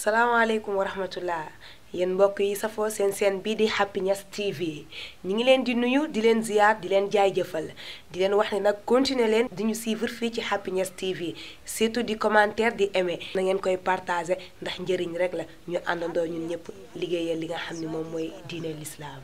salaamaaleykum wa rahmatullah yéen mbokk yi safoo seen seen bii di Happiness TV ñi ngi leen di nuyu di leen ziyaar di leen jaay jëfal di leen wax ne nag continuer leen di ñu suivre fii ci Happiness TV surtout di commentaire di aimer na ngeen koy partager ndax njëriñ rek la ñu àndandoo ñun ñëpp liggéeyal li nga xam ne moom mooy diine lislaam